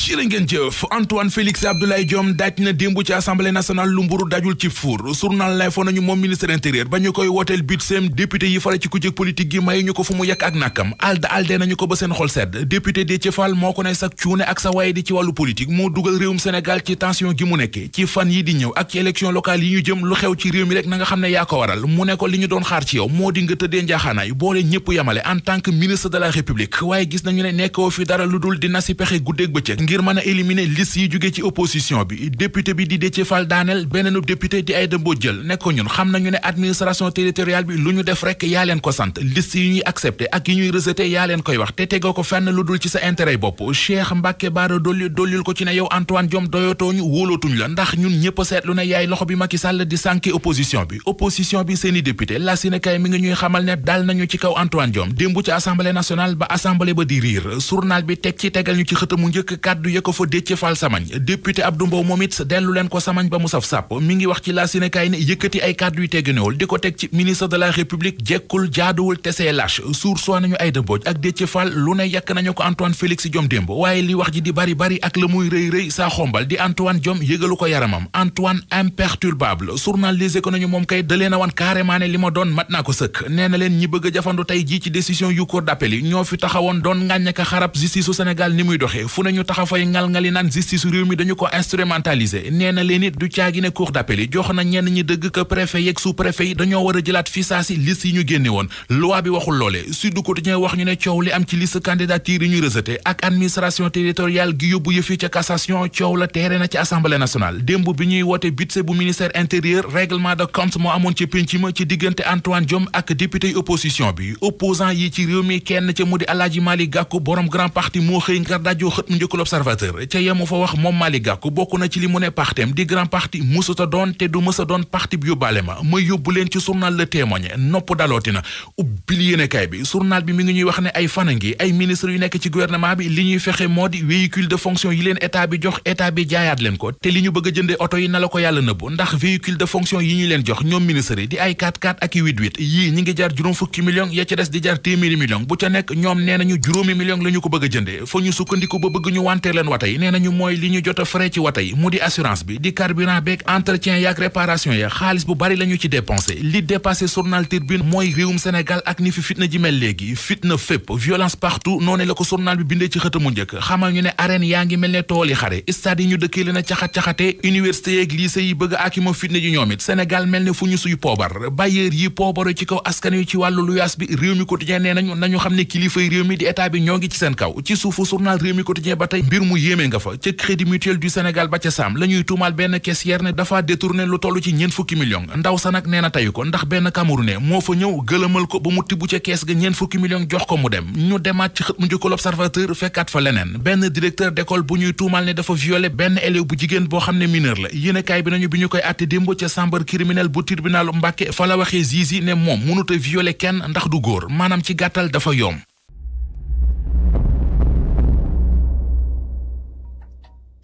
cirë ngeen jëf Antoine Félix Abdoulaye Diome daaj na démb ci assemblée nationale lu mburu dajul ci fuur journal lay fo nañu moom ministre intérieur ba ñu koy wooteel bit seem député yi fara ci kujje politique gi may ñu ko fu mu yàkk ak nàkkam alda alde nañu ko ba seen xol sedd député Déthié Fall moo ko ne sak cuune ak sa waye di ci wàllu politique moo dugal réewum Sénégal ci tension gi mu nekke ci fan yi di ñëw ak ci élection locale yi ñu jëm lu xew na ngir mën a éliminer liste yi jóge ci opposition bi député bi di Déthié Fall daaneel beneenub député di Aïda Mbodj jël ne ko ñun xam nañu ne administration territoriale bi lu ñu def rek yaa leen ko sant list yi ñuy accepté ak yi ñuy rejeté yaa leen koy wax te tegoo ko fenn lu dul ci sa intérêt bopp Cheikh Mbacke Bara Dolly dollil ko ci ne yow Antoine Diome doyotooñu wóolootuñ la ndax ñun ñëpp seetlu ne yaay loxo bi i Sall di sànki opposition bi opposition bi seeni député la sinekaay mi ngi xamal ne dal nañu ci kaw Antoine Diome démb ci assemblée nationale ba assemblée ba di riir journal bi teg ci tegal ñu ci xëtamu njëkk kàddu ya ko fa Déthié Fall samañ député Abdou Mbow moom it dellu ko samañ ba mu saf sàpp mi ngi wax ci laa sinekaay ne yëkkati ay kàddu yu tegginewul di ko teg ci ministre de la république jekkul jaaduwul te see lâche suur soo nañu Aïda ak Déthié Fall lu ne yàkk nañu ko Antoine Félix Diome démb waaye li wax ji di bari bari ak la muy rëy rëy saa xombal di Antoine Diome yëgalu ko yaramam Antoine imperturbable journal Les nañu moom kay da leen a wan carrément a jafandu taxa ngal-ngali naan justice réew mi dañu ko instrumentaliser nee leen it du caagi ne cour d'appel yi jox na ñenn ñi dëgg que préfet yeeg sous préfet yi dañoo war a jëlaat fi saa yi ñu génne woon loi bi waxul loole Sud Quotidien wax ñu ne coow li am ci liste candidature yi ñu rejeté ak administration territoriale gi yóbbu yëf yi ca cassation coow la teere na ci assemblée nationale démb bi ñuy woote budget bu ministère intérieur règlement de l'observateur ca yemu fa wax moom Malick Gakou bokk na ci li mu ne partem di grand parti musuta doon te du mësa doon parti bi yóbbaale ma ma yóbbu leen ci journal Le Témoin nopp dalooti na ubbil yéenekaay bi journal bi mi ngi ñuy wax ne ay fana ngi ay ministre yu nekk ci gouvernement bi li ñuy fexe moo di véhicule de fonction yi leen état bi jox état bi jaayaat leen ko te li ñu bëgg a oto yi na la ko yàlla nëbbu ndax véhicule de fonction yi ñu leen jox commenter nee nañu mooy li ñu jot frais ci wata yi mu di assurance bi di carburant beeg entretien yaak réparation ya xaalis bu bari la ci dépensé li dépassé journal Tribune mooy réewum Sénégal ak ni fi fitna ji mel léegi fitna fépp violence partout noonu la ko journal bi bindee ci xëtamu njëkk xamal ñu ne arène yaa ngi mel ne tooli xare stade yi ñu dëkkee leen caxat-caxatee université yeeg yi bëgg ak fitna ji ñoom it mel ne fu ñu suy poobar bailleur mbir mu yéeme nga fa ca crédit mutuel du Sénégal ba ca saam la ñuy tuumaal benn caissière ne dafa détourné lu toll ci ñeent fukki million ndaw sa nag nee na tayu ko ndax benn Camerounais moo fa ñëw gëlëmal ko ba mu tibb ca kees ga ñeent fukki million jox ko mu dem ñu demaat ci xët mu njëkk l'Observateur fekkaat fa leneen benn directeur d'école bu ñuy tuumaal ne dafa violé benn élève bu jigéen boo xam ne mineur la yéenekaay bi nañu bi ñu koy àtte démb ca chambre criminelle bu tribunal Mbacké fa la waxee zizi ne moom mënut violé kenn ndax du maanaam ci dafa yoom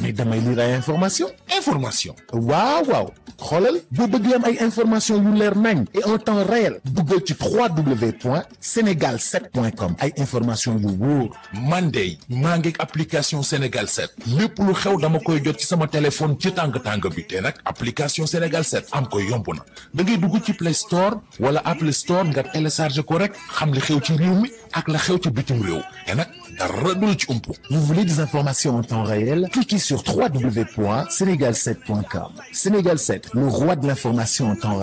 mais damay lire ay information information waaw waaw xoolal boo bëgg am ay information yu leer nañ et en temps réel duggal ci 3w point sénégal 7 point com ay information yu wóor man maa ngi application sénégal 7 lépp lu xew dama koy jot ci sama téléphone ci tàng tàng bi te nag application sénégal 7 am yomb na da ngay dugg ci play store wala apple store nga télécharge ko rek xam li xew ci réew mi ak la xew ci bitim réew te dara du la ci ump vous sur www.sénégal7.com. Sénégal 7, le roi de l'information en temps